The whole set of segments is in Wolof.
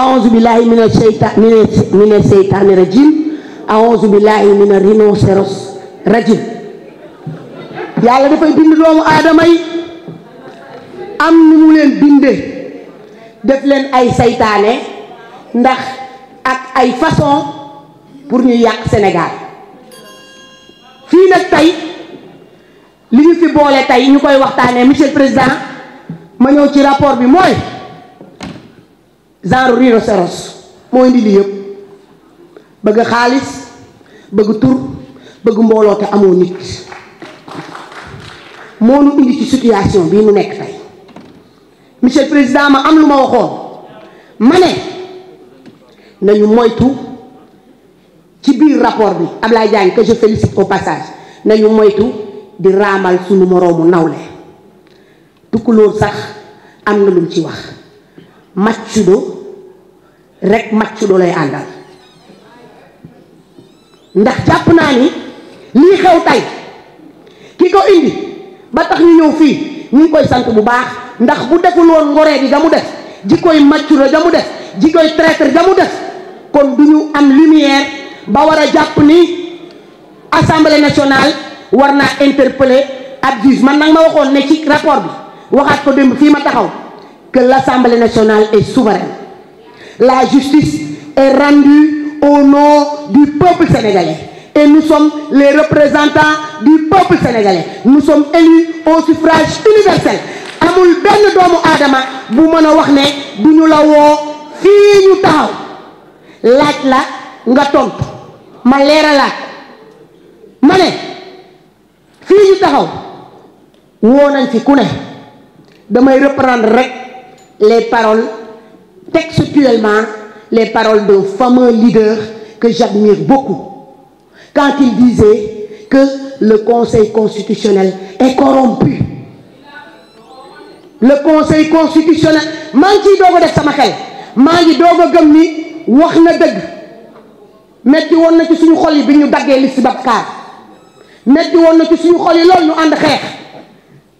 aouzu billahi mina seytaan mina seytaani rajim aouzu billahi mina rhinocéros rajim yàlla dafay bind doomu aadama yi am nu mu leen binde def leen ay seytaane ndax ak ay façon pour ñu yàq Sénégal fii nag tey li ñu fi boole tey ñu koy waxtaanee monsieur le président ma ñëw ci rapport bi mooy genre rhinocéros moo mooy lii yëpp bëgg xaalis bëgg tur bëgg mbooloo te amoo nit moo nu indi ci situation bii nu nekk tey monsieur président ma am lu ma waxoon ma ne nañu moytu ci biir rapport bi Ablaye Diagne que je félicite au passage nañu moytu di raamal sunu moroomu nawle tukkulóor sax am na lu ci wax maccudo rek màcc du lay àndal ndax jàpp naa ni lii xew tay ki ko indi ba tax ñu ñëw fii ñu ngi koy sant bu baax ndax bu deful woon ngoree bi ga mu def ji koy màccula ga mu def ji koy traître ga mu def kon du ñu am lumière ba war a jàpp ni assemblée nationale war naa interpeller ab juge man nag ma waxoon ne ci rapport bi waxaat ko démb fii ma taxaw que l' assemblée nationale est souveraine La justice est rendue au nom du peuple sénégalais. Et nous sommes les représentants du peuple sénégalais. Nous sommes élus au suffrage universel. amul benn doomu aadama bu mën a wax ne du ñu la woo fii ñu taxaw laaj la nga tontu ma leeralaat ma ne fii ñu taxaw woo nañ ci ku ne damay reprendre rek les paroles textuellement les paroles d'un fameux leader que j'admire beaucoup quand il disait que le Conseil constitutionnel est corrompu le Conseil constitutionnel maa ngi ciy doog def sama xel maa ngi doog a ni wax na dëgg metti woon na ci suñu xol yi bi ñu daggee si liste Babacar metti woon na ci suñu xol yi loolu ñu ànd xeex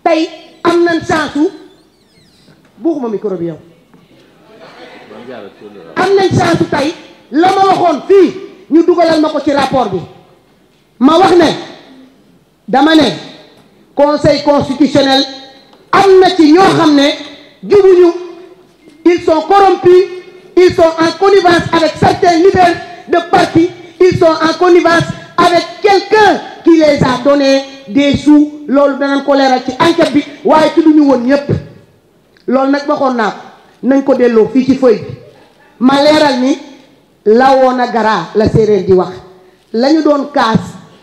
tey am na sensu buuxuma micro bi yow am nañ chance tey la ma waxoon fii ñu dugalal ma ko ci rapport bi ma wax ne dama ne conseil constitutionnel am na ci ñoo xam ne jubuñu ils sont corrompus ils sont en connivence avec certains leaders de parti ils sont en connivence avec quelqu'un qui les a donné des sous loolu danañ ko leeral ci enquête bi waaye ci lu ñu woon ñépp loolu nag waxoon naa nañ ko delloo fii ci feuille bi ma leeral ni lawoon a garaa la séeréer di wax la ñu doon kaas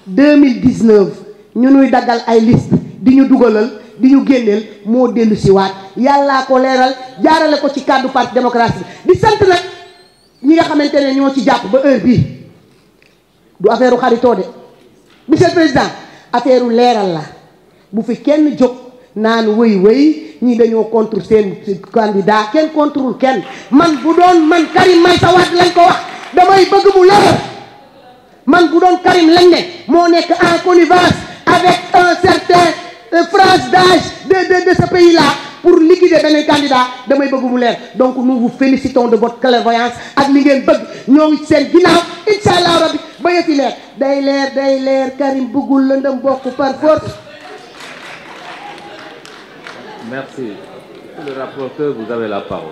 2019 ñu nuy daggal ay liste di ñu dugalal di ñu génneel moo dellu si waat yàllaa ko leeral jaarale ko ci kàddu parti démocratique di sant nag ñi nga xamante ne ñoo ci jàpp ba heure bii du affaire xaritoo de monsieur le président affaire u leeral la bu fi kenn jóg naan wëy wëy ñii dañoo contre seen candidat kenn contrewul kenn man bu doon man Karim Meïssa Wade lañ ko wax damay bëgg mu leer man bu doon Karim lañ ne moo nekk en connivence avec un certain euh, frange d'âge de de de ce pays là pour liquider beneen candidat damay bëgg mu leer donc nous vous félicitons de votre clairvoyance ak li ngeen bëgg ñoo ngi seen ginnaaw incha allah rabbi ba yëfi leer day leer day leer Karim bëggul lëndëm bokk par force Merci. Monsieur le rapporteur, là encore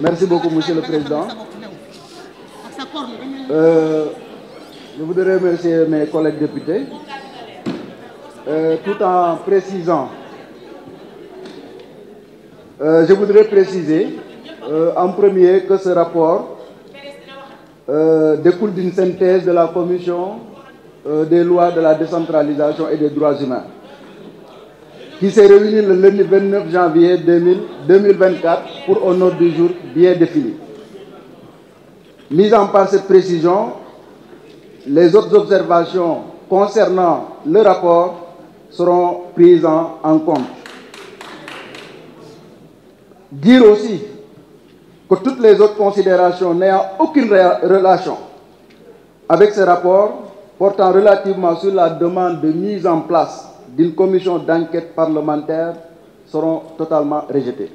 Merci beaucoup, Monsieur le Président. Euh, je voudrais remercier mes collègues députés, tout en précisant. Euh, je voudrais préciser en premier que ce rapport euh, découle d'une synthèse de la commission euh, des lois de la décentralisation et des droits humains qui s'est réunie le lundi 29 janvier 2000, 2024 pour un ordre du jour bien défini. Mise en place précision, les autres observations concernant le rapport seront prises en, en compte. Dire que toutes les autres considérations n'ayant aucune relation avec ce rapport portant relativement sur la demande de mise en place d'une commission d'enquête parlementaire seront totalement rejetées.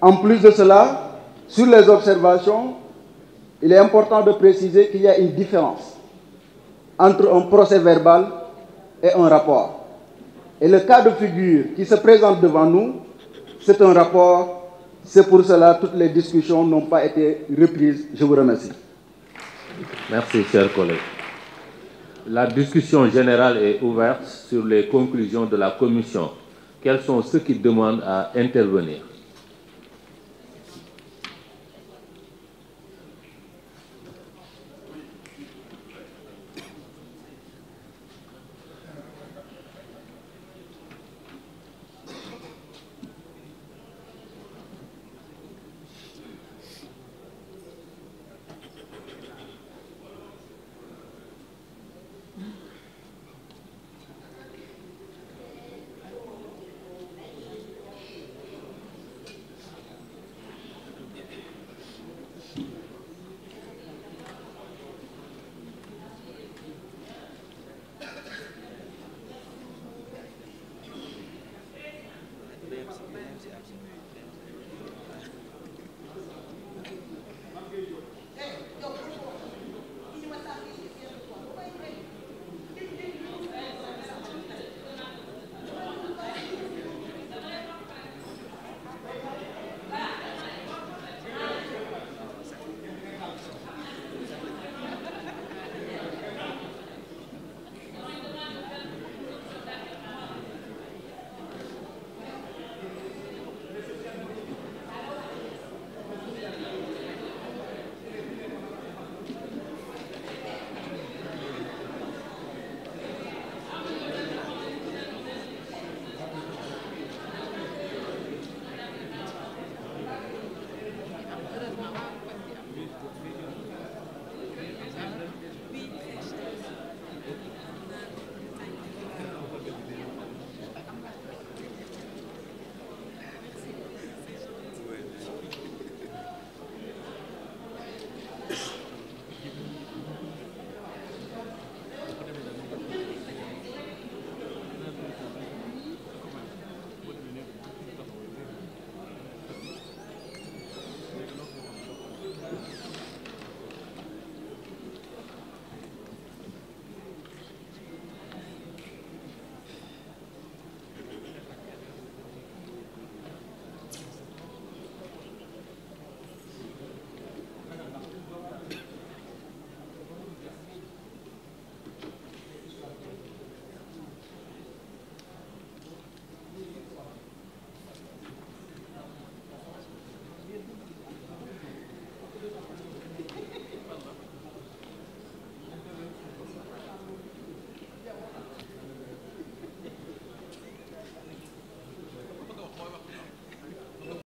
En plus de cela, sur les observations, il est important de préciser qu'il y a une différence entre un procès verbal et un rapport. Et le cas de figure qui se présente devant nous, c'est un rapport C'est pour cela que toutes les discussions n'ont pas été reprises. Je vous Merci, chers collègues. La discussion générale est ouverte sur les conclusions de la commission. Quels sont ceux qui demandent à intervenir